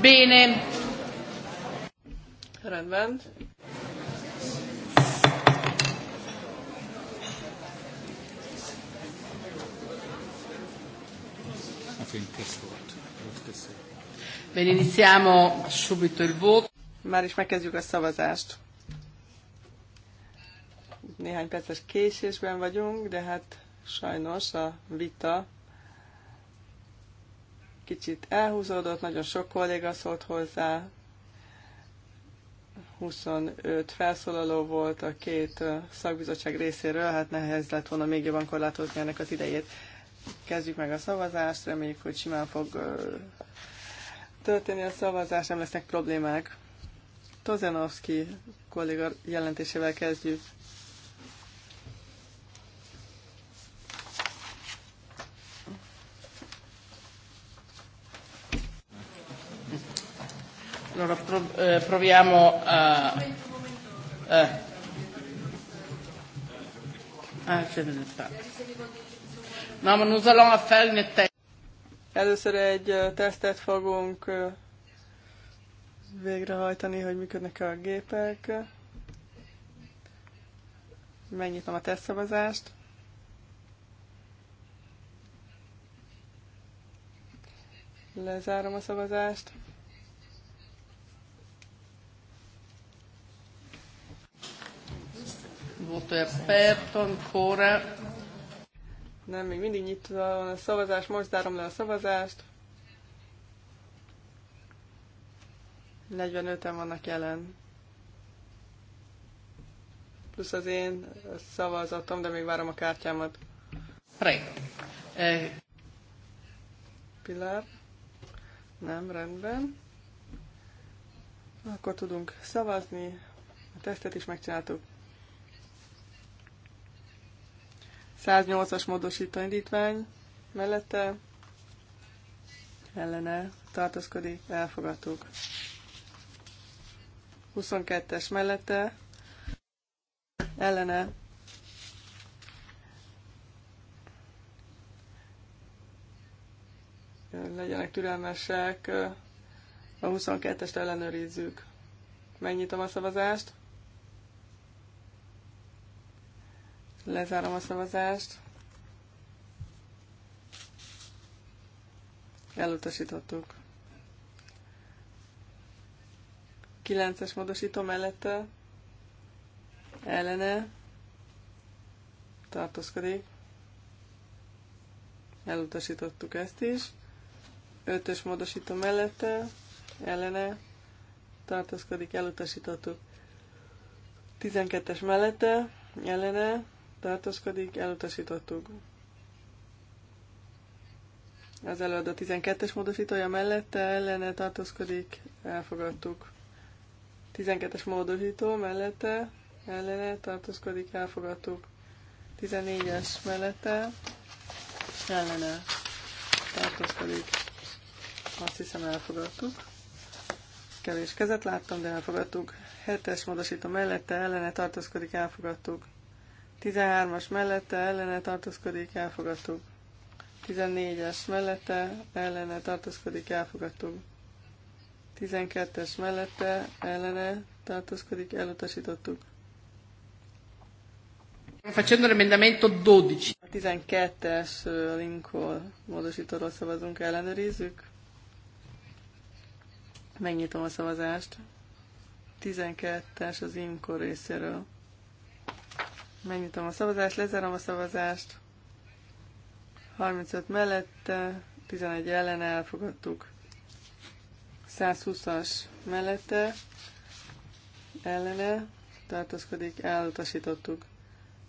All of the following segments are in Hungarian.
Bene. Rendben. Bene, iniziamo subito il voto. Már is megkezdjük a szavazást. Néhány perces késésben vagyunk, de hát sajnos a vita kicsit elhúzódott, nagyon sok kolléga szólt hozzá, 25 felszólaló volt a két szakbizottság részéről, hát nehéz lett volna még jobban korlátozni ennek az idejét. Kezdjük meg a szavazást, reméljük, hogy simán fog történni a szavazás, nem lesznek problémák. Tozenovski kolléga jelentésével kezdjük. Allora eh, proviamo a... Eh. Ah, No, ma nous allons a felni te. Először egy eh, tesztet fogunk eh, végrehajtani, hogy működnek -e a gépek. Megnyitom a tesztszavazást. Lezárom a szavazást. Volt è aperto ancora. Nem, még mindig nyitva van a szavazás, most zárom le a szavazást. 45-en vannak jelen. Plusz az én szavazatom, de még várom a kártyámat. Prego. Eh. Pilar? Nem, rendben. Akkor tudunk szavazni. A tesztet is megcsináltuk. 108-as módosító indítvány mellette ellene tartózkodik, elfogadtuk. 22-es mellette ellene legyenek türelmesek, a 22-est ellenőrizzük. Megnyitom a szavazást. Lezárom a szavazást. Elutasítottuk. 9-es módosító mellette ellene tartózkodik. Elutasítottuk ezt is. 5-ös módosító mellette ellene tartózkodik, elutasítottuk. 12-es mellette ellene tartózkodik, elutasítottuk. Az a 12-es módosítója mellette ellene tartózkodik, elfogadtuk. 12-es módosító mellette ellene tartózkodik, elfogadtuk. 14-es mellette ellene tartózkodik. Azt hiszem elfogadtuk. Kevés kezet láttam, de elfogadtuk. 7-es módosító mellette ellene tartózkodik, elfogadtuk. 13-as mellette ellene tartózkodik, elfogadtuk. 14-es mellette ellene tartózkodik, elfogadtuk. 12-es mellette ellene tartózkodik, elutasítottuk. Facendo l'emendamento 12. A 12-es linkol módosítóról szavazunk, ellenőrizzük. Megnyitom a szavazást. 12-es az IMCO részéről. Megnyitom a szavazást, lezárom a szavazást. 35 mellette, 11 ellen elfogadtuk. 120-as mellette, ellene, tartózkodik, elutasítottuk.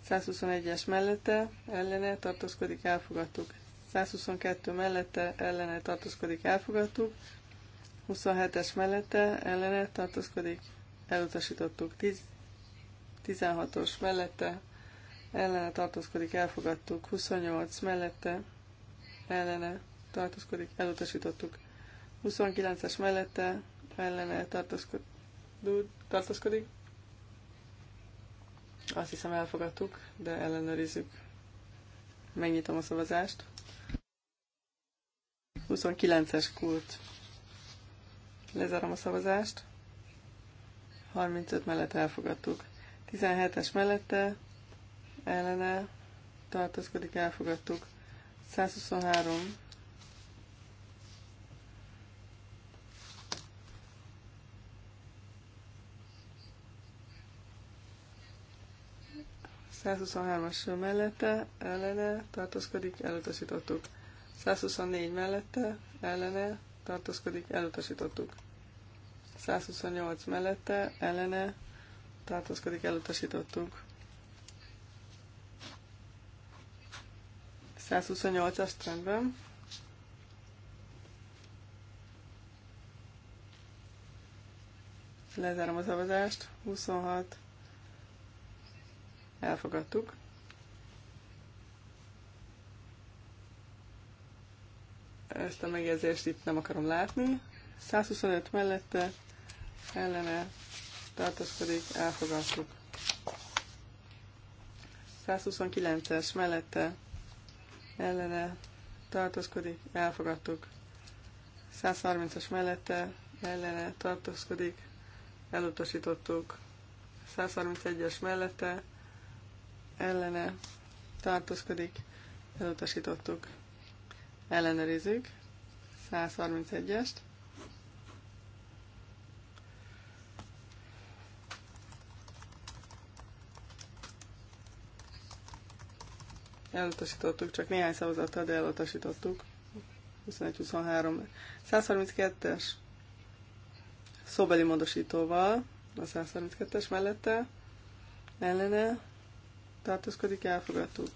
121-es mellette, ellene, tartózkodik, elfogadtuk. 122 mellette, ellene, tartózkodik, elfogadtuk. 27-es mellette, ellene, tartózkodik, elutasítottuk. 10 16-os mellette, ellene tartózkodik, elfogadtuk. 28 mellette, ellene tartózkodik, elutasítottuk. 29-es mellette, ellene tartózkodik. Azt hiszem elfogadtuk, de ellenőrizzük. Megnyitom a szavazást. 29-es kult. Lezárom a szavazást. 35 mellett elfogadtuk. 17-es mellette ellene tartózkodik, elfogadtuk. 123 as mellette, ellene, tartózkodik, elutasítottuk. 124 mellette, ellene, tartózkodik, elutasítottuk. 128 mellette, ellene, tartózkodik, elutasítottuk. 128-as trendben. Lezárom a szavazást. 26. Elfogadtuk. Ezt a megjegyzést itt nem akarom látni. 125 mellette ellene pedig elfogadtuk. 129-es mellette ellene tartózkodik, elfogadtuk. 130-as mellette ellene tartózkodik, elutasítottuk. 131-es mellette ellene tartózkodik, elutasítottuk. Ellenőrizzük 131-est. elutasítottuk, csak néhány szavazattal, de elutasítottuk. 21-23. 132-es szóbeli módosítóval, a 132-es mellette, ellene tartózkodik, elfogadtuk.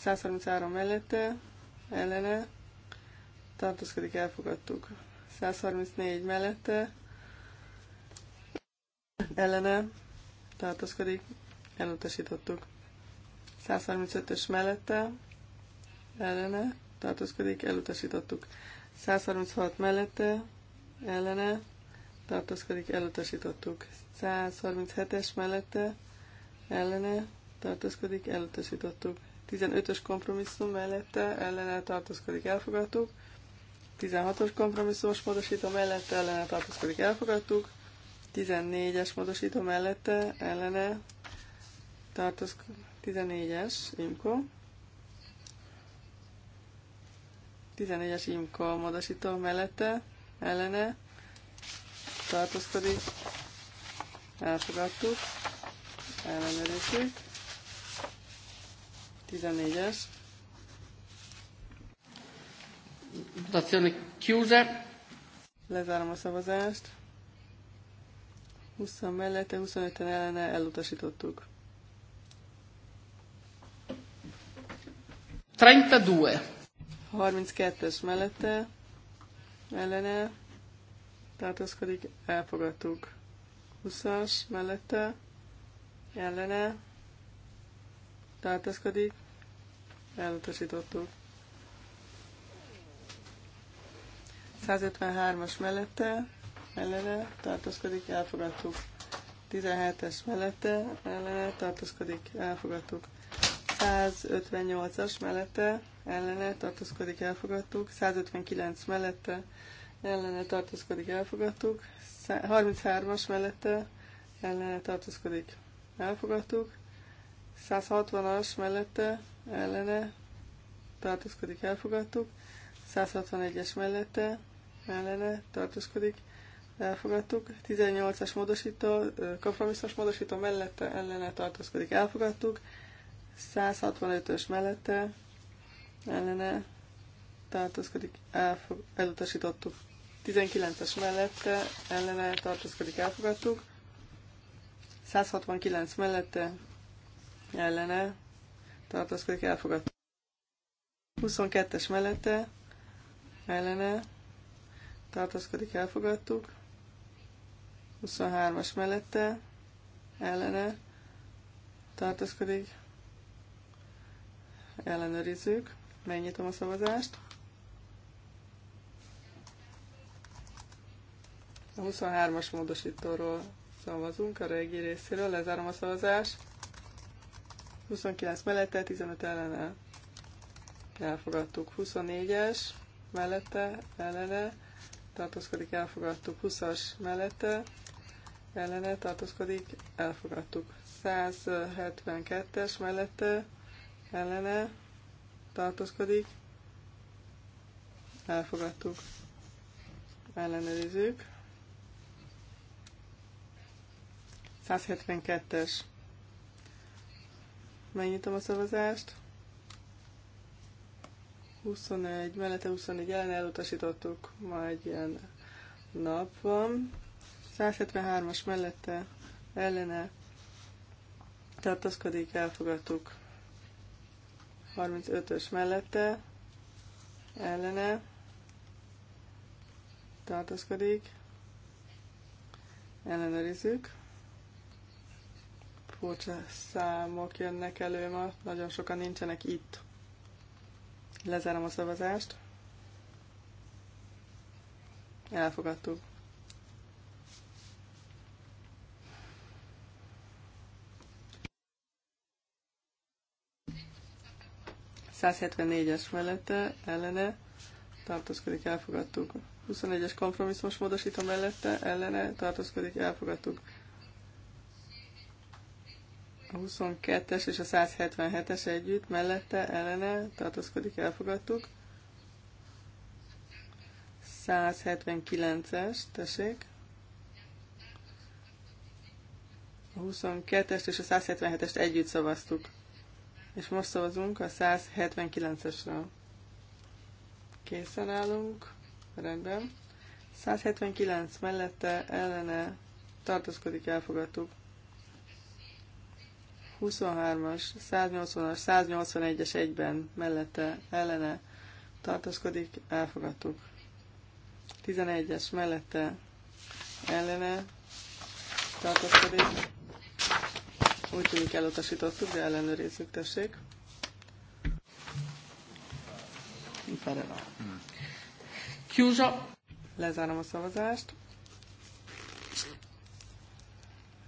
133 mellette, ellene tartózkodik, elfogadtuk. 134 mellette, ellene tartózkodik, elutasítottuk. 135-ös mellette ellene tartózkodik, elutasítottuk. 136 mellette ellene tartózkodik, elutasítottuk. 137-es mellette ellene tartózkodik, elutasítottuk. 15-ös kompromisszum mellette ellene tartózkodik, elfogadtuk. 16-os kompromisszumos módosító mellette ellene tartózkodik, elfogadtuk. 14-es módosító mellette ellene tartózkodik, 14-es imko. 14-es imko a módosító mellette, ellene, tartózkodik, elfogadtuk, ellenőrizzük. 14-es. Votazione chiusa. Lezárom a szavazást. 20 mellette, 25-en ellene elutasítottuk. 32. 32-es mellette ellene tartózkodik, elfogadtuk. 20-as mellette ellene tartózkodik, elutasítottuk. 153-as mellette ellene tartózkodik, elfogadtuk. 17-es mellette ellene tartózkodik, elfogadtuk. 158-as mellette ellene tartózkodik, elfogadtuk. 159 mellette ellene tartózkodik, elfogadtuk. 33-as mellette ellene tartózkodik, elfogadtuk. 160-as mellette ellene tartózkodik, elfogadtuk. 161-es mellette ellene tartózkodik, elfogadtuk. 18-as módosító, kompromisszos módosító mellette ellene tartózkodik, elfogadtuk. 165-ös mellette ellene tartózkodik, elfog, elutasítottuk. 19-es mellette ellene tartózkodik, elfogadtuk. 169 mellette ellene tartózkodik, elfogadtuk. 22-es mellette ellene tartózkodik, elfogadtuk. 23-as mellette ellene tartózkodik, ellenőrizzük. Megnyitom a szavazást. A 23-as módosítóról szavazunk, a régi részéről. Lezárom a szavazást. 29 mellette, 15 ellene. Elfogadtuk. 24-es mellette, ellene. Tartózkodik, elfogadtuk. 20-as mellette, ellene. Tartózkodik, elfogadtuk. 172-es mellette, kellene, tartózkodik. Elfogadtuk. Ellenőrizzük. 172-es. Megnyitom a szavazást. 21, mellette 24 ellen elutasítottuk, ma egy ilyen nap van. 173-as mellette ellene tartozkodik, elfogadtuk. 35-ös mellette ellene tartózkodik. Ellenőrizzük. Furcsa számok jönnek elő ma, nagyon sokan nincsenek itt. Lezárom a szavazást. Elfogadtuk. 174-es mellette ellene tartózkodik, elfogadtuk. 21-es kompromisszumos módosító mellette ellene tartózkodik, elfogadtuk. A 22-es és a 177-es együtt mellette ellene tartózkodik, elfogadtuk. 179-es, tessék. A 22-est és a 177-est együtt szavaztuk. És most szavazunk a 179-esről. Készen állunk. Rendben. 179 mellette ellene tartozkodik, elfogadtuk. 23-as, 180-as, 181-es egyben mellette ellene tartozkodik, elfogadtuk. 11-es mellette ellene tartozkodik úgy tűnik elutasítottuk, de ellenőrizzük, tessék. Ferela. Lezárom a szavazást.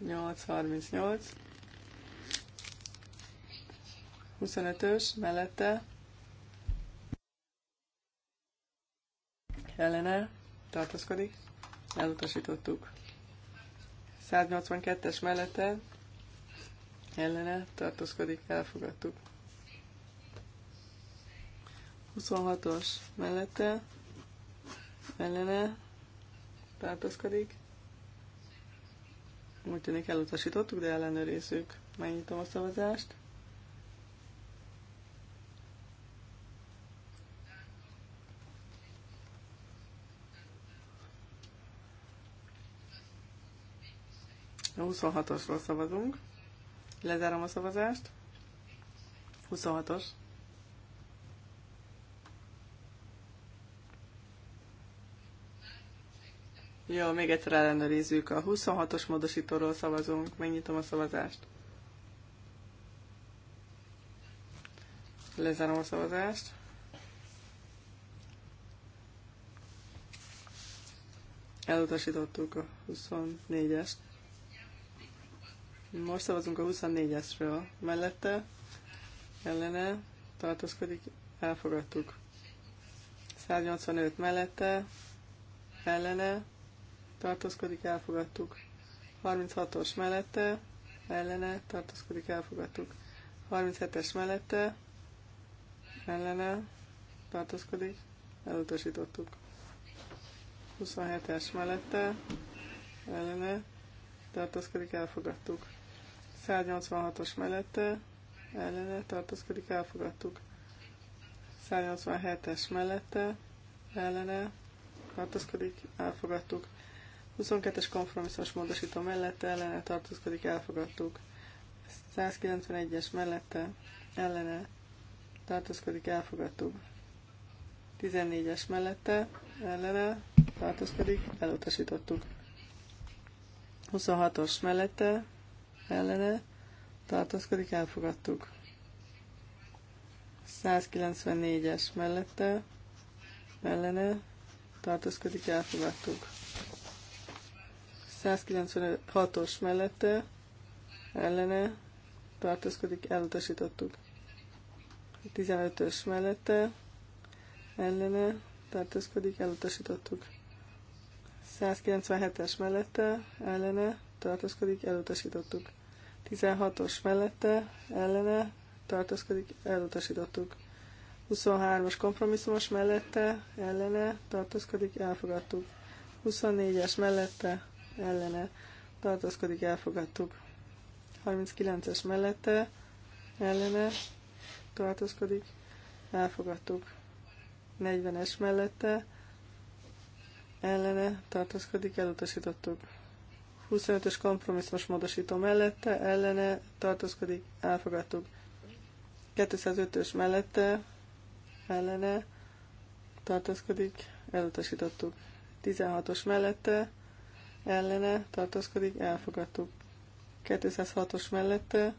8.38. 25-ös mellette. Ellene tartozkodik. Elutasítottuk. 182-es mellette ellene tartózkodik, elfogadtuk. 26-os mellette ellene tartózkodik. Úgy tűnik elutasítottuk, de ellenőrizzük. Megnyitom a szavazást. A 26-osról szavazunk. Lezárom a szavazást. 26-os. Jó, még egyszer ellenőrizzük. A 26-os módosítóról szavazunk. Megnyitom a szavazást. Lezárom a szavazást. Elutasítottuk a 24-est. Most szavazunk a 24-esről. Mellette, ellene, tartózkodik, elfogadtuk. 185 mellette, ellene, tartózkodik, elfogadtuk. 36-os mellette, ellene, tartózkodik, elfogadtuk. 37-es mellette, ellene, tartózkodik, elutasítottuk. 27-es mellette, ellene, tartózkodik, elfogadtuk. 186-os mellette ellene tartózkodik, elfogadtuk. 187-es mellette ellene tartózkodik, elfogadtuk. 22-es kompromisszumos módosító mellette ellene tartózkodik, elfogadtuk. 191-es mellette ellene tartózkodik, elfogadtuk. 14-es mellette ellene tartózkodik, elutasítottuk. 26-os mellette ellene tartózkodik, elfogadtuk. 194-es mellette ellene tartózkodik, elfogadtuk. 196-os mellette ellene tartózkodik, elutasítottuk. 15-ös mellette ellene tartózkodik, elutasítottuk. 197-es mellette ellene tartózkodik, elutasítottuk. 16-os mellette ellene tartózkodik, elutasítottuk. 23-as kompromisszumos mellette ellene tartózkodik, elfogadtuk. 24-es mellette ellene tartózkodik, elfogadtuk. 39-es mellette ellene tartózkodik, elfogadtuk. 40-es mellette ellene tartózkodik, elutasítottuk. 25-ös kompromisszumos módosító mellette, ellene tartózkodik, elfogadtuk. 205-ös mellette, ellene tartózkodik, elutasítottuk. 16-os mellette, ellene tartózkodik, elfogadtuk. 206-os mellette,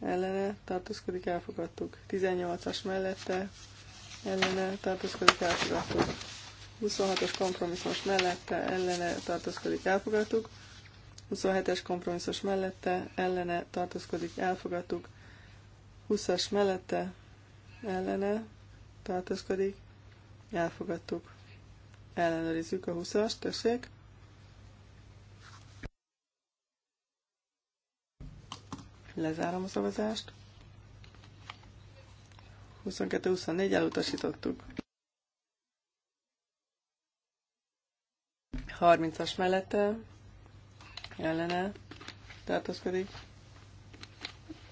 ellene tartózkodik, elfogadtuk. 18-as mellette, ellene tartózkodik, elfogadtuk. 26-os kompromisszumos mellette, ellene tartózkodik, elfogadtuk. 27-es kompromisszus mellette ellene tartózkodik, elfogadtuk. 20-as mellette ellene tartózkodik, elfogadtuk. Ellenőrizzük a 20-as, tessék. Lezárom a szavazást. 22-24 elutasítottuk. 30-as mellette ellene tartózkodik.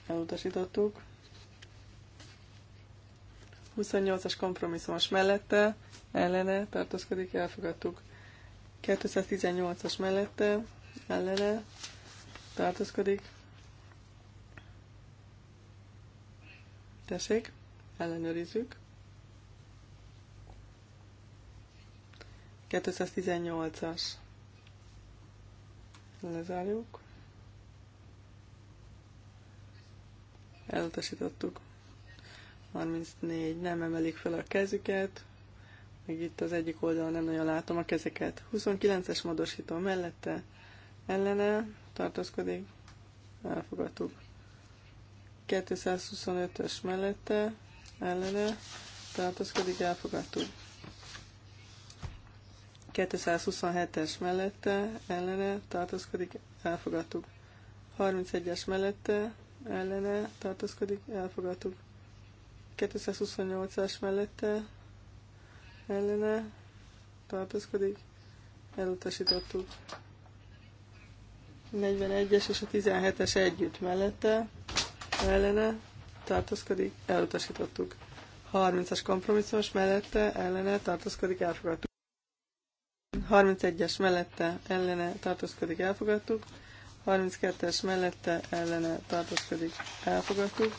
Elutasítottuk. 28-as kompromisszumos mellette ellene tartózkodik, elfogadtuk. 218-as mellette ellene tartózkodik. Tessék, ellenőrizzük. 218-as lezárjuk. Elutasítottuk. 34 nem emelik fel a kezüket. Még itt az egyik oldalon nem nagyon látom a kezeket. 29-es módosító mellette ellene tartózkodik. Elfogadtuk. 225-ös mellette ellene tartózkodik. Elfogadtuk. 227-es mellette ellene tartózkodik, elfogadtuk. 31-es mellette ellene tartózkodik, elfogadtuk. 228-as mellette ellene tartózkodik, elutasítottuk. 41-es és a 17-es együtt mellette ellene tartózkodik, elutasítottuk. 30-as kompromisszumos mellette ellene tartózkodik, elfogadtuk. 31-es mellette ellene tartózkodik, elfogadtuk. 32-es mellette ellene tartózkodik, elfogadtuk.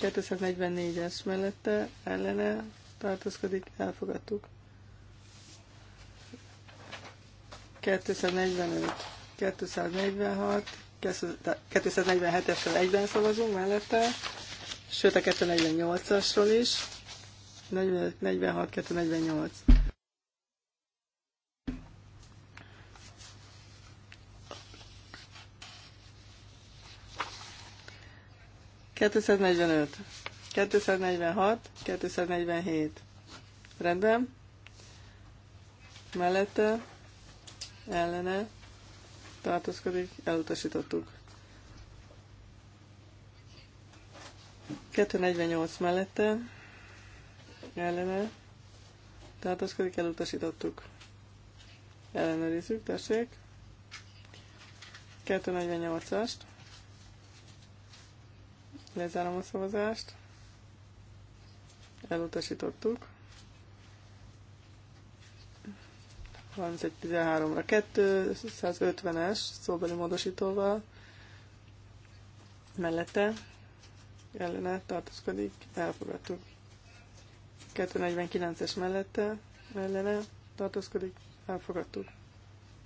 244-es mellette ellene tartózkodik, elfogadtuk. 245, 246, 247-esről egyben szavazunk mellette, sőt a 248-asról is, 45, 46, 248. 245, 246, 247. Rendben. Mellette, ellene, tartózkodik, elutasítottuk. 248 mellette, ellene, tartózkodik, elutasítottuk. Ellenőrizzük, tessék. 248-ast. Lezárom a szavazást. Elutasítottuk. 31-13-ra 250 150-es szóbeli módosítóval mellette ellene tartózkodik, elfogadtuk. 249-es mellette ellene tartózkodik, elfogadtuk.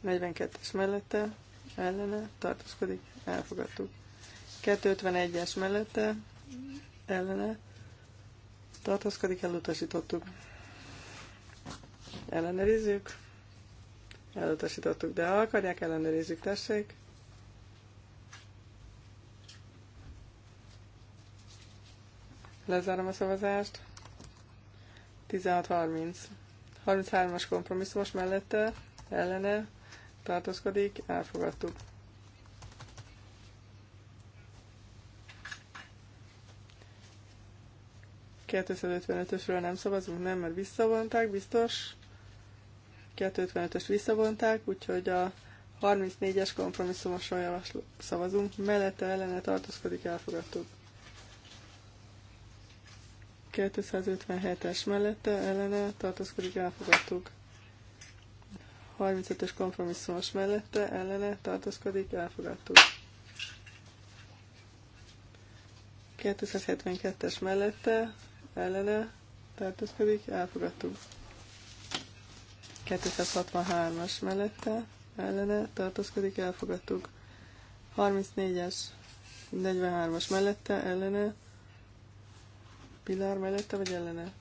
42-es mellette ellene tartózkodik, elfogadtuk. 251-es mellette ellene tartózkodik, elutasítottuk. Ellenőrizzük. Elutasítottuk, de ha akarják, ellenőrizzük, tessék. Lezárom a szavazást. 16.30. 33-as kompromisszumos mellette, ellene tartózkodik, elfogadtuk. 255-ösről nem szavazunk, nem, mert visszavonták, biztos. 255 ös visszavonták, úgyhogy a 34-es kompromisszumosról szavazunk, mellette ellene tartózkodik, elfogadtuk. 257-es mellette ellene tartózkodik, elfogadtuk. 35-ös kompromisszumos mellette ellene tartózkodik, elfogadtuk. 272-es mellette ellene tartózkodik, elfogadtuk. 263-as mellette ellene tartózkodik, elfogadtuk. 34-es, 43-as mellette ellene, pillár mellette vagy ellene?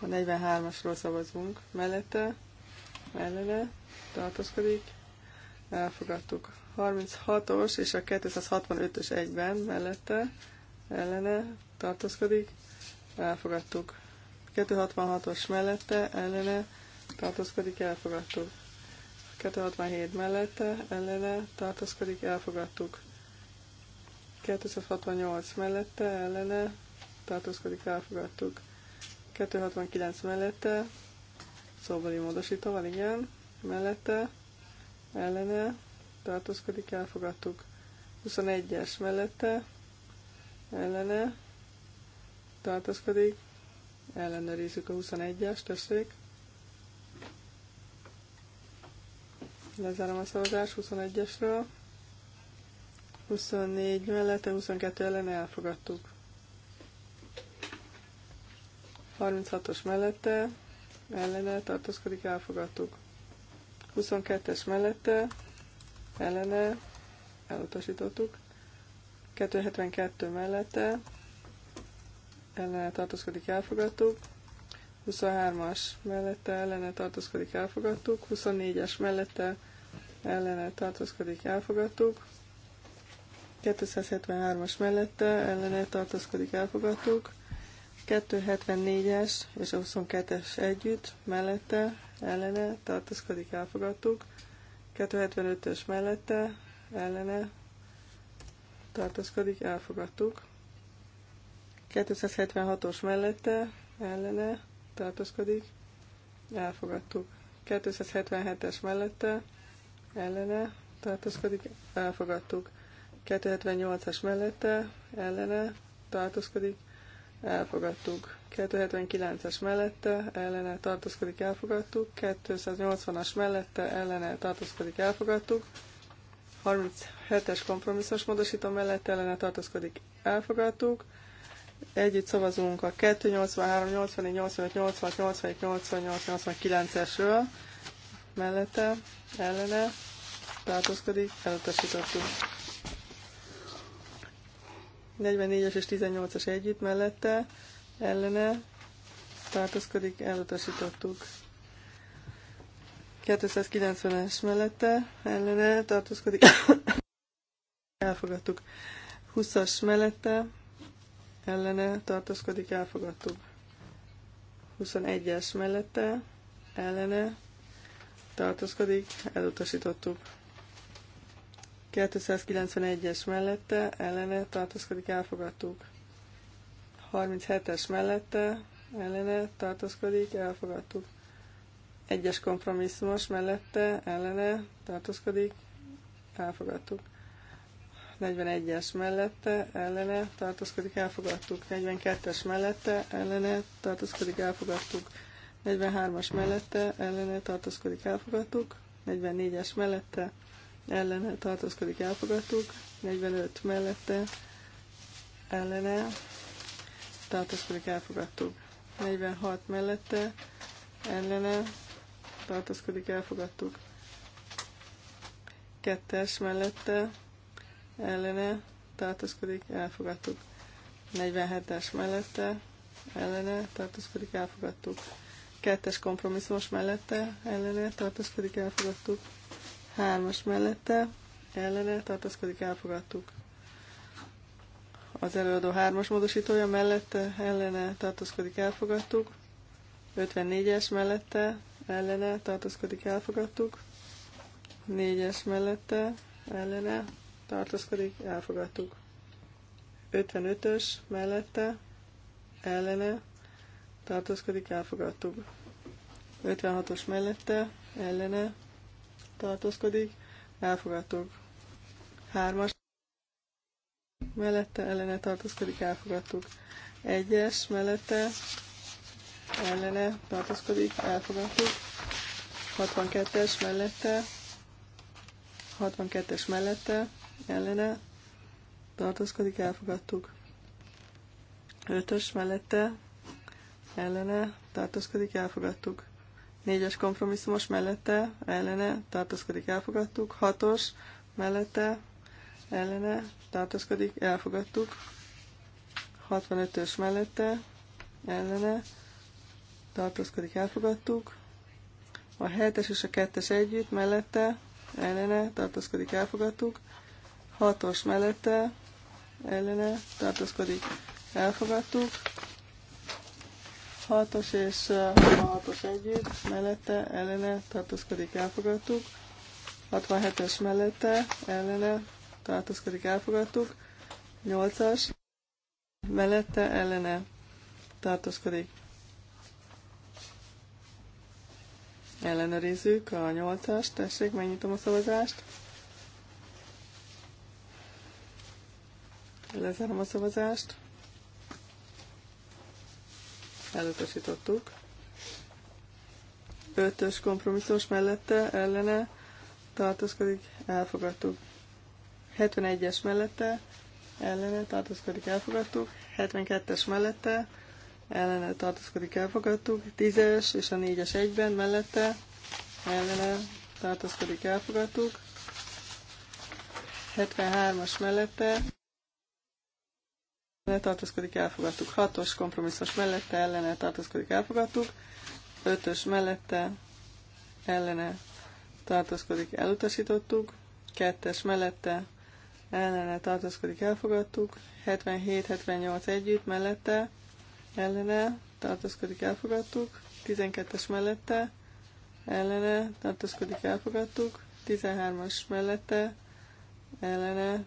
A 43-asról szavazunk. Mellette, ellene, tartózkodik, elfogadtuk. 36-os és a 265-ös egyben mellette, ellene tartózkodik, elfogadtuk. 266-os mellette ellene tartózkodik, elfogadtuk. 267 mellette ellene tartózkodik, elfogadtuk. 268 mellette ellene tartózkodik, elfogadtuk. 269 mellette, szóbeli módosítóval, igen, mellette, ellene, tartózkodik, elfogadtuk. 21-es mellette, ellene tartozkodik, ellenőrizzük a 21-es, tessék. Lezárom a szavazást 21-esről. 24 mellette, 22 ellen elfogadtuk. 36-os mellette, ellene tartozkodik, elfogadtuk. 22-es mellette, ellene elutasítottuk. 272 mellette ellene tartózkodik, elfogadtuk. 23-as mellette ellene tartózkodik, elfogadtuk. 24-es mellette ellene tartózkodik, elfogadtuk. 273-as mellette ellene tartózkodik, elfogadtuk. 274-es és a 22-es együtt mellette ellene tartózkodik, elfogadtuk. 275-ös mellette ellene tartózkodik, elfogadtuk. 276-os mellette, ellene, tartózkodik, elfogadtuk. 277-es mellette, ellene, tartózkodik, elfogadtuk. 278-as mellette, ellene, tartózkodik, elfogadtuk. 279-es mellette, ellene, tartózkodik, elfogadtuk. 280-as mellette, ellene, tartózkodik, elfogadtuk. 37-es kompromisszos módosító mellett ellene tartozkodik Elfogadtuk. Együtt szavazunk a 283, 84, 85, 86, 87, 88, 89-esről. Mellette, ellene tartozkodik, elutasítottuk. 44-es és 18-as együtt mellette, ellene tartozkodik, elutasítottuk. 290-es mellette ellene tartózkodik. elfogadtuk. 20-as mellette ellene tartózkodik, elfogadtuk. 21-es mellette ellene tartózkodik, elutasítottuk. 291-es mellette ellene tartózkodik, elfogadtuk. 37-es mellette ellene tartózkodik, elfogadtuk. Egyes kompromisszumos mellette ellene tartózkodik, elfogadtuk. 41-es mellette ellene tartózkodik, elfogadtuk. 42-es mellette ellene tartózkodik, elfogadtuk. 43-as mellette ellene tartózkodik, elfogadtuk. 44-es mellette ellene tartózkodik, elfogadtuk. 45 mellette ellene tartózkodik, elfogadtuk. 46 mellette ellene tartózkodik, elfogadtuk. Kettes mellette ellene tartózkodik, elfogadtuk. 47-es mellette ellene tartózkodik, elfogadtuk. Kettes kompromisszumos mellette ellene tartózkodik, elfogadtuk. Hármas mellette ellene tartózkodik, elfogadtuk. Az előadó hármas módosítója mellette ellene tartózkodik, elfogadtuk. 54-es mellette ellene tartózkodik, elfogadtuk. Négyes mellette ellene tartózkodik, elfogadtuk. 55-ös mellette ellene tartózkodik, elfogadtuk. 56-os mellette ellene tartózkodik, elfogadtuk. 3-as mellette ellene tartózkodik, elfogadtuk. 1-es mellette ellene tartozkodik, elfogadjuk. 62-es mellette, 62-es mellette, ellene tartózkodik, elfogadtuk. 5-ös mellette, ellene tartózkodik, elfogadtuk. 4-es kompromisszumos mellette, ellene tartózkodik, elfogadtuk. 6-os mellette, ellene tartózkodik, elfogadtuk. 65-ös mellette, ellene tartózkodik, elfogadtuk. A 7 és a 2 együtt, mellette, ellene, tartózkodik, elfogadtuk. 6-os mellette, ellene, tartózkodik, elfogadtuk. 6-os és a 6-os együtt, mellette, ellene, tartózkodik, elfogadtuk. 67-es mellette, ellene, tartózkodik, elfogadtuk. 8-as, mellette, ellene, tartózkodik, Ellenőrizzük a 8 tessék, megnyitom a szavazást. Lezárom a szavazást. Elutasítottuk. Ötös kompromisszós mellette, ellene tartózkodik, elfogadtuk. 71-es mellette, ellene tartózkodik, elfogadtuk. 72-es mellette, ellene tartózkodik, elfogadtuk. 10-es és a 4-es egyben mellette ellene tartózkodik, elfogadtuk. 73-as mellette ellene tartózkodik, elfogadtuk. 6-os kompromisszos mellette ellene tartózkodik, elfogadtuk. 5-ös mellette ellene tartózkodik, elutasítottuk. 2-es mellette ellene tartózkodik, elfogadtuk. 77-78 együtt mellette ellene tartózkodik, elfogadtuk. 12-es mellette ellene tartózkodik, elfogadtuk. 13-as mellette ellene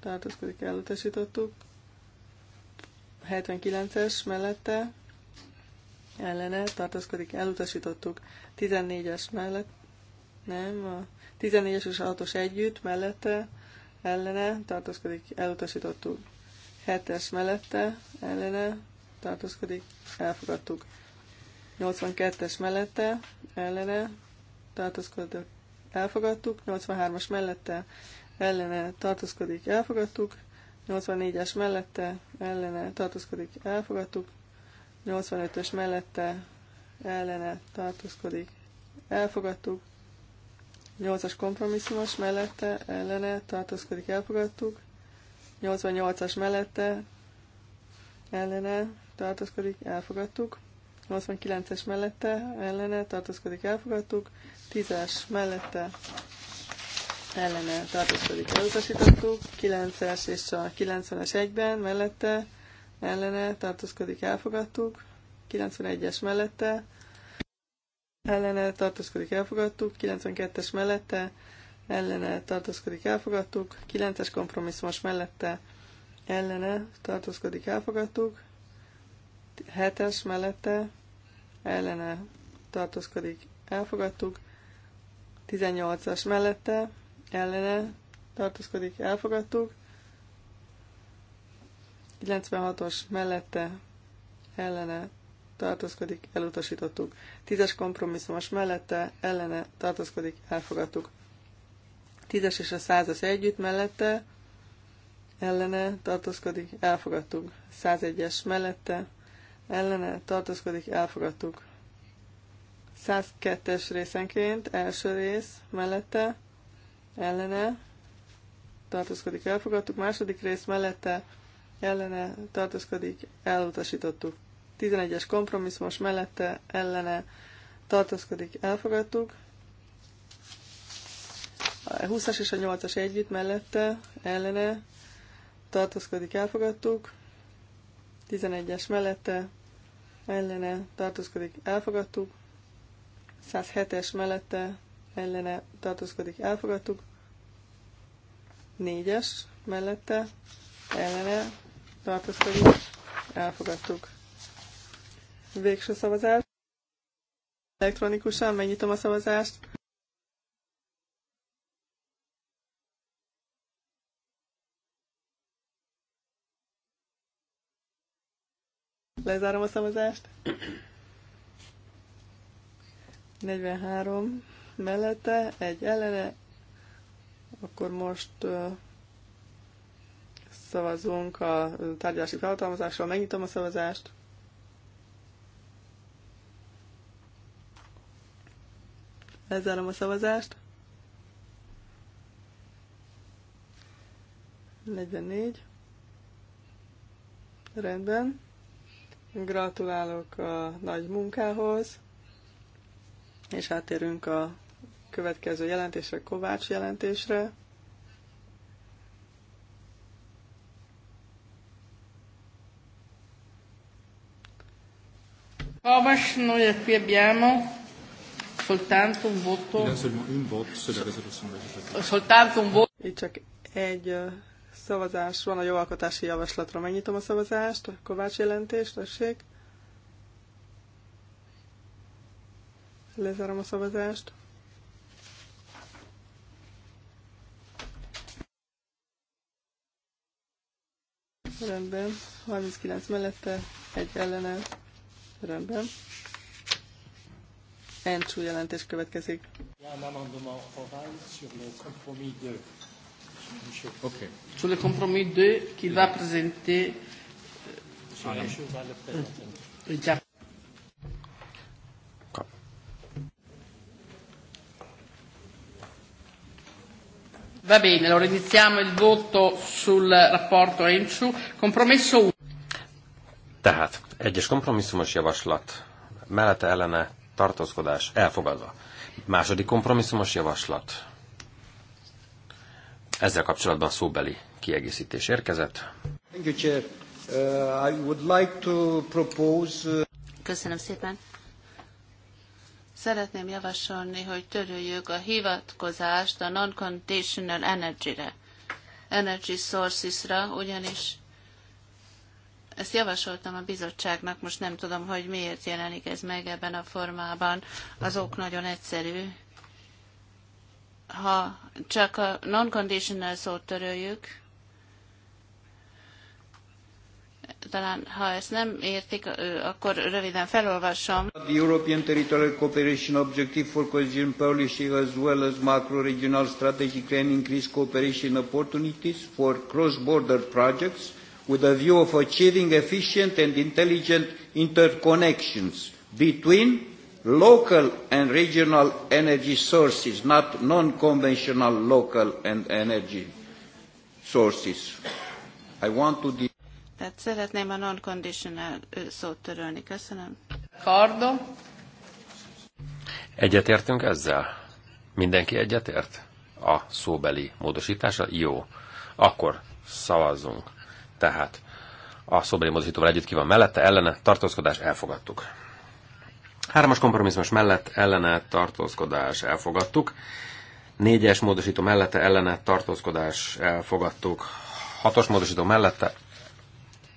tartózkodik, elutasítottuk. 79-es mellette ellene tartózkodik, elutasítottuk. 14-es mellett, nem, a 14-es és 6-os együtt mellette ellene tartózkodik, elutasítottuk. 7-es mellette ellene tartózkodik, elfogadtuk. 82-es mellette, ellene, tartózkodik, elfogadtuk. 83-as mellette, ellene, tartózkodik, elfogadtuk. 84-es mellette, ellene, tartózkodik, elfogadtuk. 85-ös mellette, ellene, tartózkodik, elfogadtuk. 8-as kompromisszumos mellette, ellene, tartózkodik, elfogadtuk. 88-as mellette, ellene, tartózkodik, elfogadtuk. 89-es mellette, ellene, tartózkodik, elfogadtuk. 10-es mellette, ellene, tartózkodik, elutasítottuk. 9-es és a 90-es egyben, mellette, ellene, tartózkodik, elfogadtuk. 91-es mellette, ellene, tartózkodik, elfogadtuk. 92-es mellette, ellene, tartózkodik, elfogadtuk. 9-es kompromisszumos mellette, ellene, tartózkodik, elfogadtuk hetes mellette ellene tartózkodik, elfogadtuk. 18-as mellette ellene tartózkodik, elfogadtuk. 96-os mellette ellene tartózkodik, elutasítottuk. 10-es kompromisszumos mellette ellene tartózkodik, elfogadtuk. 10-es és a 100-as együtt mellette ellene tartózkodik, elfogadtuk. 101-es mellette ellene tartózkodik, elfogadtuk. 102-es részenként, első rész mellette, ellene tartózkodik, elfogadtuk, második rész mellette, ellene tartózkodik, elutasítottuk. 11-es kompromisszumos mellette, ellene tartózkodik, elfogadtuk. A 20-as és a 8-as együtt mellette, ellene tartózkodik, elfogadtuk. 11-es mellette ellene tartózkodik, elfogadtuk. 107-es mellette ellene tartózkodik, elfogadtuk. 4-es mellette ellene tartózkodik, elfogadtuk. Végső szavazás. Elektronikusan megnyitom a szavazást. Lezárom a szavazást. 43 mellette, egy ellene, akkor most uh, szavazunk a tárgyalási felhatalmazásról. Megnyitom a szavazást. Lezárom a szavazást. 44. Rendben. Gratulálok a nagy munkához, és átérünk a következő jelentésre, Kovács jelentésre. Kovács, noi qui abbiamo soltanto un voto. Soltanto un voto. Itt csak egy Szavazás van a jogalkotási javaslatra. Megnyitom a szavazást, a Kovács jelentés tessék. Lezárom a szavazást. Rendben, 39 mellette, egy ellene, rendben. Encsú jelentés következik. nem mondom a a Okay. Sur le compromis 2 qu'il va présenter. Eh, eh, va bene, allora iniziamo il voto sul rapporto ENSU. Compromesso 1. Tehát, egyes kompromisszumos javaslat, mellette ellene tartózkodás elfogadva. Második kompromisszumos javaslat, ezzel kapcsolatban szóbeli kiegészítés érkezett. Uh, uh, Köszönöm szépen. Szeretném javasolni, hogy törüljük a hivatkozást a non-conditional energy-re, energy sources-ra, ugyanis ezt javasoltam a bizottságnak, most nem tudom, hogy miért jelenik ez meg ebben a formában. Az ok nagyon egyszerű, ha csak a non-conditional szót töröljük, talán ha ezt nem értik, akkor röviden felolvasom. The European Territorial Cooperation Objective for Cohesion Policy as well as macro-regional strategy can increase cooperation opportunities for cross-border projects with a view of achieving efficient and intelligent interconnections between local and regional energy sources, not non-conventional local and energy sources. I want to Tehát szeretném a non-conditional szót törölni. Köszönöm. Kardo. Egyetértünk ezzel? Mindenki egyetért? A szóbeli módosítása? Jó. Akkor szavazzunk. Tehát a szóbeli módosítóval együtt ki van mellette, ellene, tartózkodás, elfogadtuk. Hármas kompromisszumos mellett ellenállt tartózkodás elfogadtuk. Négyes módosító mellette ellenállt tartózkodás elfogadtuk. Hatos módosító mellette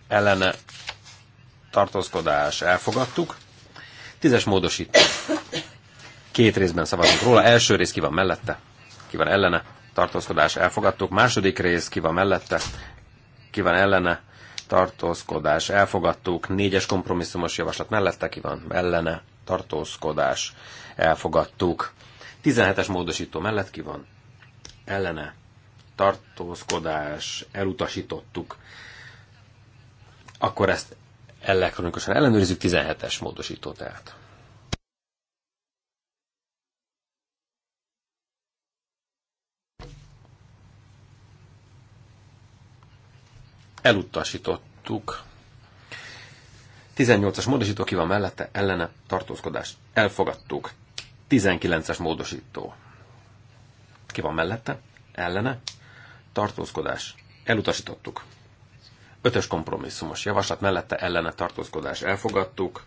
ellene tartózkodás elfogadtuk. Tízes módosító. Két részben szavazunk róla. Első rész ki van mellette, ki van ellene, tartózkodás elfogadtuk. Második rész ki van mellette, ki van ellene, tartózkodás elfogadtuk. Négyes kompromisszumos javaslat mellette, ki van ellene, tartózkodás, elfogadtuk. 17-es módosító mellett ki van? Ellene, tartózkodás, elutasítottuk. Akkor ezt elektronikusan ellenőrizzük, 17-es módosító tehát. Elutasítottuk 18-as módosító ki van mellette, ellene tartózkodás. Elfogadtuk. 19-es módosító. Ki van mellette, ellene tartózkodás. Elutasítottuk. 5-ös kompromisszumos javaslat mellette ellene tartózkodás. Elfogadtuk.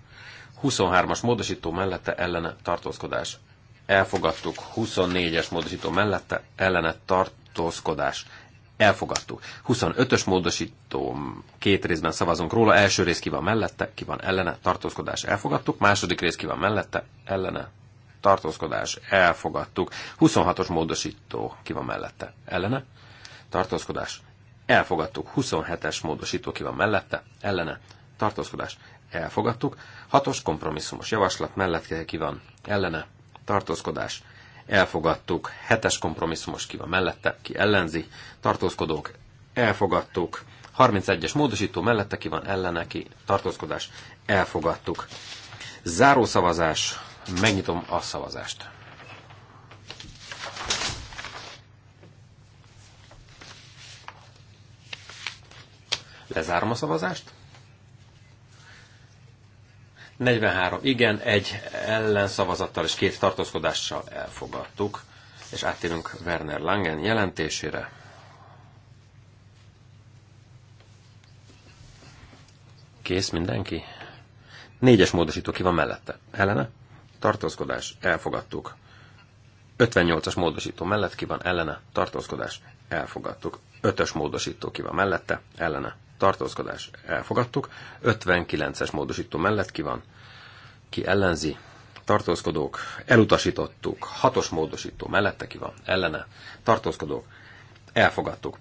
23-as módosító mellette ellene tartózkodás. Elfogadtuk 24-es módosító mellette ellene tartózkodás elfogadtuk. 25-ös módosító, két részben szavazunk róla, első rész ki van mellette, ki van ellene, tartózkodás elfogadtuk, második rész ki van mellette, ellene, tartózkodás elfogadtuk, 26-os módosító ki van mellette, ellene, tartózkodás elfogadtuk, 27-es módosító ki van mellette, ellene, tartózkodás elfogadtuk, 6-os kompromisszumos javaslat mellette ki van, ellene, tartózkodás elfogadtuk, elfogadtuk. Hetes kompromisszumos ki van mellette, ki ellenzi, tartózkodók, elfogadtuk. 31-es módosító mellette ki van ellene, ki tartózkodás, elfogadtuk. Záró szavazás, megnyitom a szavazást. Lezárom a szavazást. 43 igen, egy ellenszavazattal és két tartózkodással elfogadtuk, és áttérünk Werner Langen jelentésére. Kész mindenki? Négyes módosító ki van mellette. Ellene? Tartózkodás. Elfogadtuk. 58-as módosító mellett ki van ellene. Tartózkodás. Elfogadtuk. 5-ös módosító ki van mellette. Ellene tartózkodás elfogadtuk, 59-es módosító mellett ki van, ki ellenzi, tartózkodók, elutasítottuk, hatos módosító mellette ki van, ellene, tartózkodók, elfogadtuk,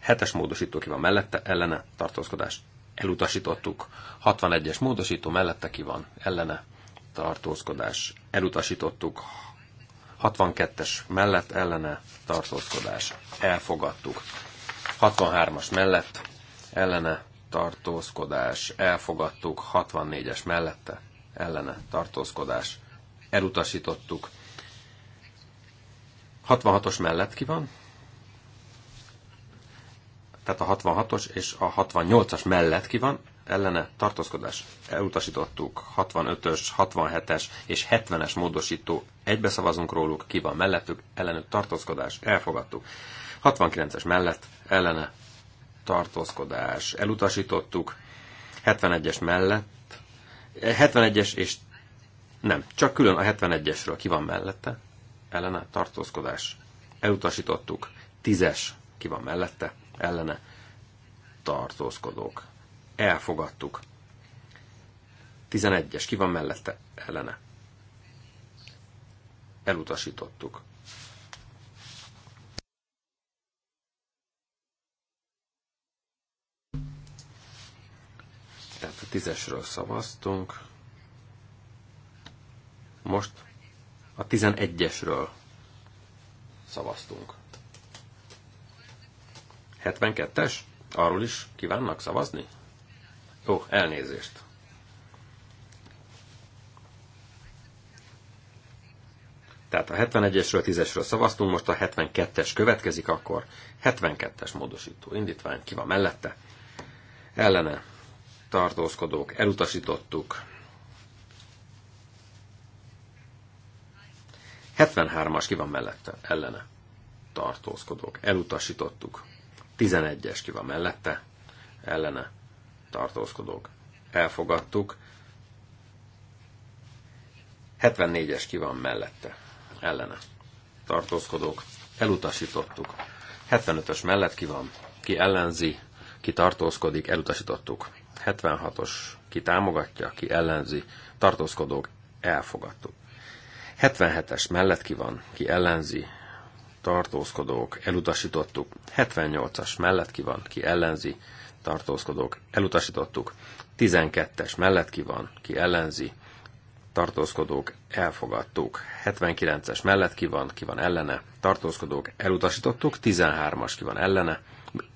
hetes módosító ki van mellette, ellene, tartózkodás, elutasítottuk, 61-es módosító mellette ki van, ellene, tartózkodás, elutasítottuk, 62-es mellett ellene tartózkodás. Elfogadtuk. 63-as mellett ellene tartózkodás, elfogadtuk 64-es mellette ellene tartózkodás, elutasítottuk. 66-os mellett ki van? Tehát a 66-os és a 68-as mellett ki van? Ellene tartózkodás, elutasítottuk. 65-ös, 67-es és 70-es módosító, egybe szavazunk róluk, ki van mellettük, ellenük tartózkodás, elfogadtuk. 69-es mellett ellene tartózkodás elutasítottuk, 71-es mellett, 71-es eh, és nem, csak külön a 71-esről ki van mellette, ellene tartózkodás elutasítottuk, 10-es ki van mellette, ellene tartózkodók elfogadtuk. 11-es, ki van mellette? Ellene. Elutasítottuk. Tehát a tízesről szavaztunk. Most a tizenegyesről szavaztunk. 72-es? Arról is kívánnak szavazni? Jó, elnézést. Tehát a 71-esről 10-esről szavaztunk, most a 72-es következik, akkor 72-es módosító indítvány, ki van mellette, ellene tartózkodók, elutasítottuk. 73-as ki van mellette, ellene, tartózkodók, elutasítottuk. 11-es ki van mellette, ellene, tartózkodók, elfogadtuk. 74-es ki van mellette, ellene, tartózkodók, elutasítottuk. 75-ös mellett ki van, ki ellenzi, ki tartózkodik, elutasítottuk. 76-os ki támogatja, ki ellenzi, tartózkodók elfogadtuk. 77-es mellett ki van, ki ellenzi, tartózkodók elutasítottuk. 78-as mellett ki van, ki ellenzi, tartózkodók elutasítottuk. 12-es mellett ki van, ki ellenzi, tartózkodók elfogadtuk. 79-es mellett ki van, ki van ellene, tartózkodók elutasítottuk. 13-as ki van ellene,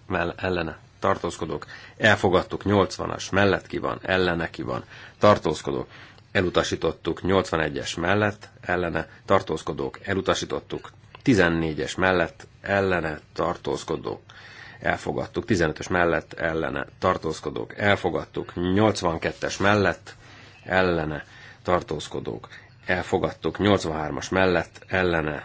mell- ellene tartózkodok, elfogadtuk 80-as, mellett ki van, ellene ki van, tartózkodok, elutasítottuk 81-es mellett, ellene, tartózkodók, elutasítottuk 14-es mellett, ellene, tartózkodók, elfogadtuk 15-ös mellett, ellene, tartózkodók, elfogadtuk 82-es mellett, ellene, tartózkodók, elfogadtuk 83-as mellett, ellene,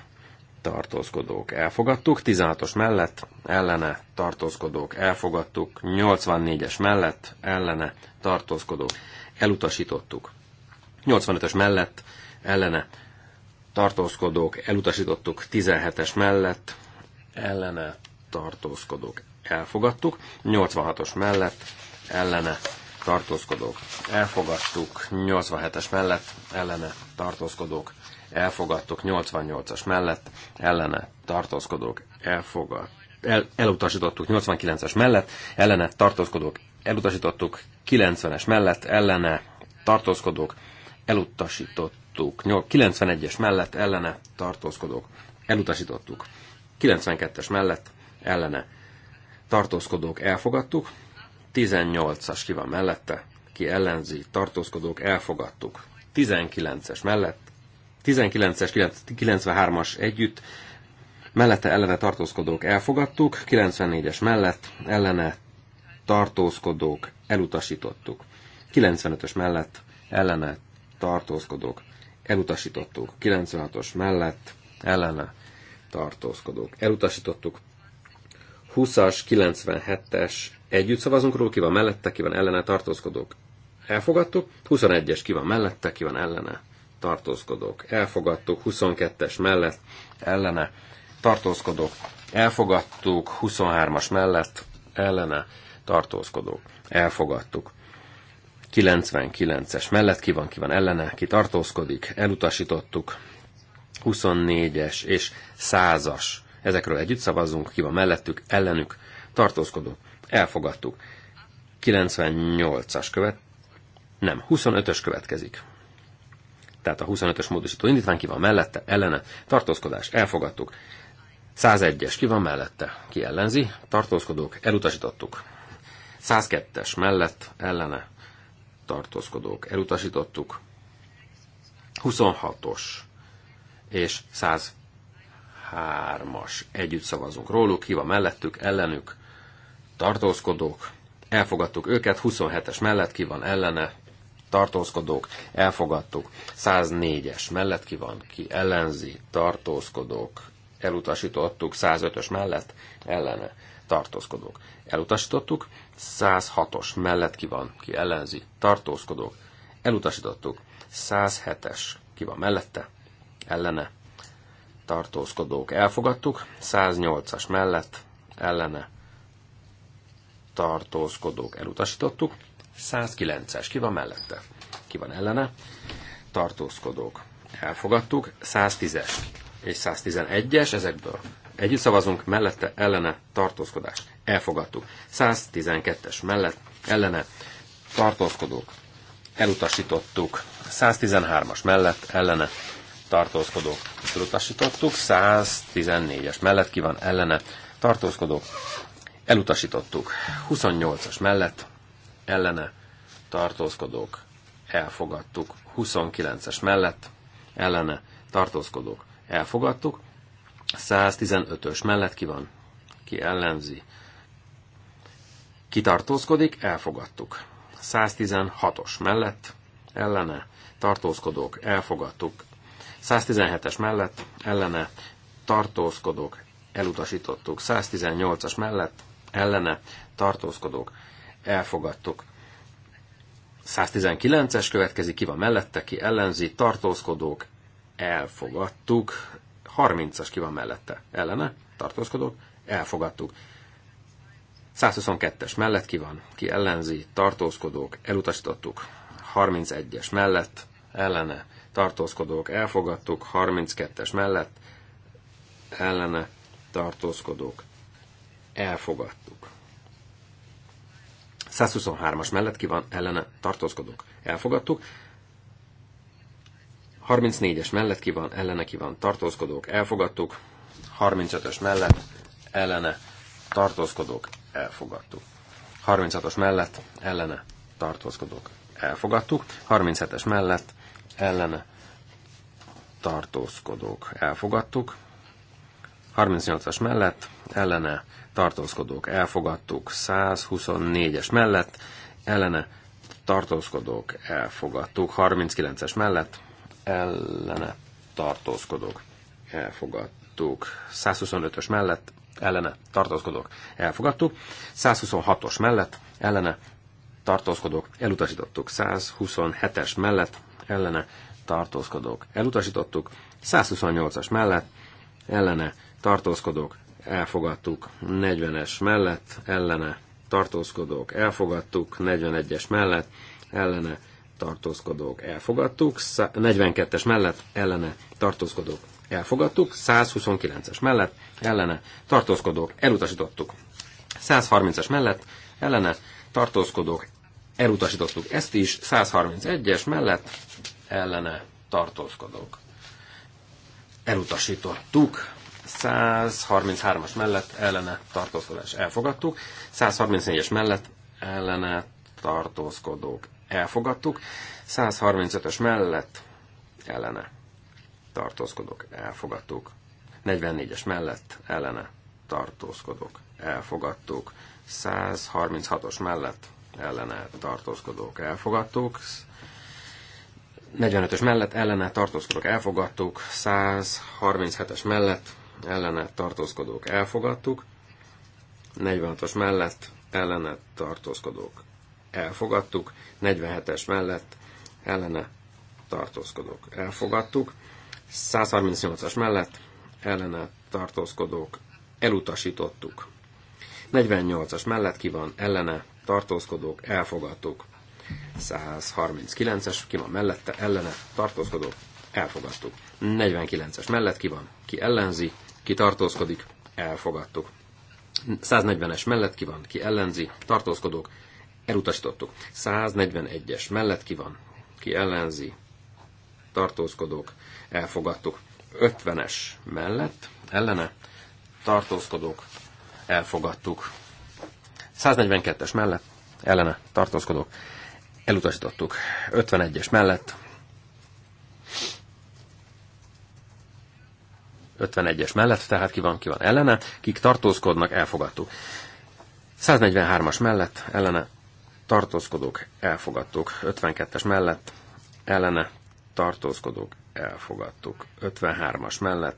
tartózkodók elfogadtuk, 16-os mellett ellene tartózkodók elfogadtuk, 84-es mellett ellene tartózkodók elutasítottuk. 85-ös mellett ellene tartózkodók elutasítottuk, 17-es mellett ellene tartózkodók elfogadtuk, 86-os mellett ellene tartózkodók elfogadtuk, 87-es mellett ellene tartózkodók elfogadtok 88-as mellett ellene tartózkodók elfogad, el, elutasítottuk, 89-es mellett ellene tartózkodók elutasítottuk, 90-es mellett ellene tartózkodók elutasítottuk, 91-es mellett ellene tartózkodók elutasítottuk, 92-es mellett ellene tartózkodók elfogadtuk, 18-as ki van mellette, ki ellenzi, tartózkodók elfogadtuk. 19-es mellett 19-es, 93-as együtt, mellette ellene tartózkodók elfogadtuk, 94-es mellett ellene tartózkodók elutasítottuk. 95-ös mellett ellene tartózkodók elutasítottuk. 96-os mellett ellene tartózkodók elutasítottuk. 20-as, 97-es együtt szavazunk róla, ki van mellette, ki van ellene tartózkodók elfogadtuk. 21-es ki van mellette, ki van ellene tartózkodók, elfogadtuk, 22-es mellett, ellene, tartózkodók, elfogadtuk, 23-as mellett, ellene, tartózkodók, elfogadtuk. 99-es mellett ki van, ki van ellene, ki tartózkodik, elutasítottuk, 24-es és 100-as. Ezekről együtt szavazunk, ki van mellettük, ellenük, tartózkodó, elfogadtuk. 98-as követ, nem, 25-ös következik. Tehát a 25-ös módosító indítvány ki van mellette, ellene, tartózkodás, elfogadtuk. 101-es ki van mellette, ki ellenzi, tartózkodók, elutasítottuk. 102-es mellett, ellene, tartózkodók, elutasítottuk. 26-os és 103-as együtt szavazunk róluk, ki van mellettük, ellenük, tartózkodók, elfogadtuk őket, 27-es mellett ki van ellene, tartózkodók, elfogadtuk. 104-es mellett ki van, ki ellenzi, tartózkodók, elutasítottuk. 105-ös mellett ellene, tartózkodók, elutasítottuk. 106-os mellett ki van, ki ellenzi, tartózkodók, elutasítottuk. 107-es ki van mellette, ellene, tartózkodók, elfogadtuk. 108-as mellett, ellene, tartózkodók, elutasítottuk. 109-es. Ki van mellette? Ki van ellene? Tartózkodók. Elfogadtuk. 110-es és 111-es, ezekből együtt szavazunk, mellette ellene tartózkodás. Elfogadtuk. 112-es mellett ellene tartózkodók. Elutasítottuk. 113-as mellett ellene tartózkodók. Elutasítottuk. 114-es mellett ki van ellene tartózkodók. Elutasítottuk. 28-as mellett ellene tartózkodók elfogadtuk. 29-es mellett ellene tartózkodók elfogadtuk. 115-ös mellett ki van? Ki ellenzi? Kitartózkodik, elfogadtuk. 116-os mellett ellene tartózkodók elfogadtuk. 117-es mellett ellene tartózkodók elutasítottuk. 118-as mellett ellene tartózkodók elfogadtuk. 119-es következik, ki van mellette, ki ellenzi, tartózkodók, elfogadtuk. 30-as ki van mellette, ellene, tartózkodók, elfogadtuk. 122-es mellett ki van, ki ellenzi, tartózkodók, elutasítottuk. 31-es mellett, ellene, tartózkodók, elfogadtuk. 32-es mellett, ellene, tartózkodók, elfogadtuk. 123-as mellett ki van ellene tartózkodunk. Elfogadtuk. 34-es mellett ki van ellene ki van tartózkodók. Elfogadtuk. 35-ös mellett ellene tartózkodók. Elfogadtuk. 36-os mellett ellene tartózkodók. Elfogadtuk. 37-es mellett ellene tartózkodók. Elfogadtuk. 38-as mellett ellene tartózkodók elfogadtuk, 124-es mellett, ellene tartózkodók elfogadtuk, 39-es mellett, ellene tartózkodók elfogadtuk, 125-ös mellett, ellene tartózkodók elfogadtuk, 126-os mellett, ellene tartózkodók elutasítottuk, 127-es mellett, ellene tartózkodók elutasítottuk, 128-as mellett, ellene tartózkodók elfogadtuk. 40-es mellett, ellene tartózkodók, elfogadtuk. 41-es mellett, ellene tartózkodók, elfogadtuk. 42-es mellett, ellene tartózkodók, elfogadtuk. 129-es mellett, ellene tartózkodók, elutasítottuk. 130-es mellett, ellene tartózkodók, elutasítottuk ezt is, 131-es mellett ellene tartózkodók. Elutasítottuk. 133-as mellett ellene tartózkodás elfogadtuk, 134-es mellett ellene tartózkodók elfogadtuk, 135-ös mellett ellene tartózkodók elfogadtuk, 44-es mellett ellene tartózkodók elfogadtuk, 136-os mellett ellene tartózkodók elfogadtuk, 45-ös mellett ellene tartózkodók elfogadtuk, 137-es mellett ellene tartózkodók elfogadtuk, 46-os mellett ellene tartózkodók elfogadtuk, 47-es mellett ellene tartózkodók elfogadtuk, 138-as mellett ellene tartózkodók elutasítottuk. 48-as mellett ki van ellene tartózkodók elfogadtuk. 139-es ki van mellette ellene tartózkodók elfogadtuk. 49-es mellett ki van ki ellenzi ki tartózkodik, elfogadtuk. 140-es mellett ki van, ki ellenzi, tartózkodók, elutasítottuk. 141-es mellett ki van, ki ellenzi, tartózkodók, elfogadtuk. 50-es mellett, ellene, tartózkodók, elfogadtuk. 142-es mellett, ellene, tartózkodók, elutasítottuk. 51-es mellett, 51-es mellett, tehát ki van, ki van ellene, kik tartózkodnak, elfogadtuk. 143-as mellett, ellene, tartózkodók, elfogadtuk. 52-es mellett, ellene, tartózkodók, elfogadtuk. 53-as mellett,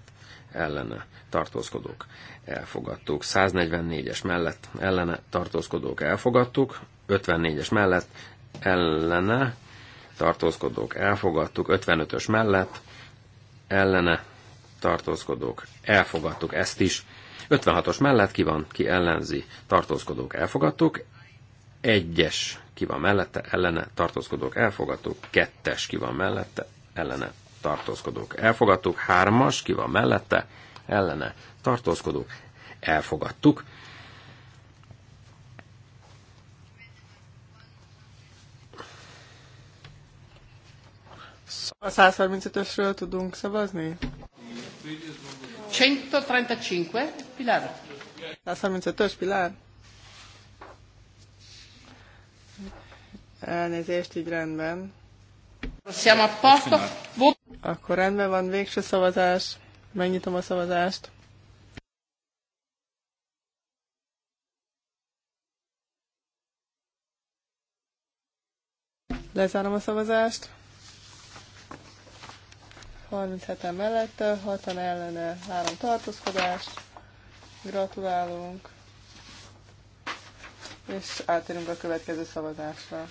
ellene, tartózkodók, elfogadtuk. 144-es mellett, ellene, tartózkodók, elfogadtuk. 54-es mellett, ellene, tartózkodók, elfogadtuk. 55-ös mellett, ellene tartózkodók, elfogadtuk ezt is. 56-os mellett ki van, ki ellenzi, tartózkodók, elfogadtuk. Egyes ki van mellette, ellene, tartózkodók, elfogadtuk. Kettes ki van mellette, ellene, tartózkodók, elfogadtuk. Hármas ki van mellette, ellene, tartózkodók, elfogadtuk. A 135-ösről tudunk szavazni? 135, Pilar. 135-ös, Pilar. Elnézést, így rendben. Siamo a posto. Akkor rendben van, végső szavazás. Megnyitom a szavazást. Lezárom a szavazást. 37-en mellette, 6-an ellene, 3 tartózkodás. Gratulálunk. És átérünk a következő szavazásra.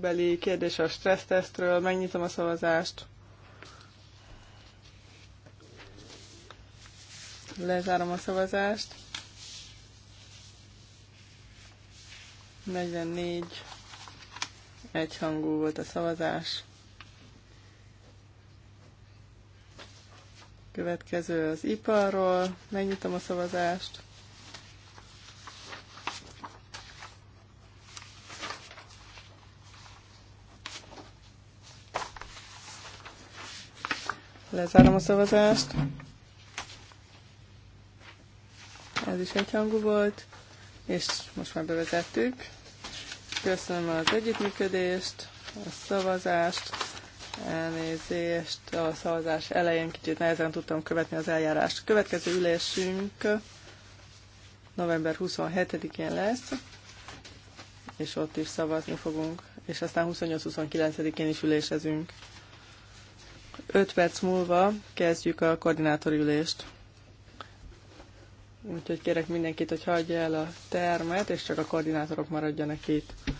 Beli kérdés a stressztesztről, megnyitom a szavazást. Lezárom a szavazást. 44 Egyhangú volt a szavazás. Következő az iparról. Megnyitom a szavazást. Lezárom a szavazást. Ez is egyhangú volt, és most már bevezettük. Köszönöm az együttműködést, a szavazást, elnézést. A szavazás elején kicsit nehezen tudtam követni az eljárást. A következő ülésünk november 27-én lesz, és ott is szavazni fogunk, és aztán 28-29-én is ülésezünk. 5 perc múlva kezdjük a ülést Úgyhogy kérek mindenkit, hogy hagyja el a termet, és csak a koordinátorok maradjanak itt.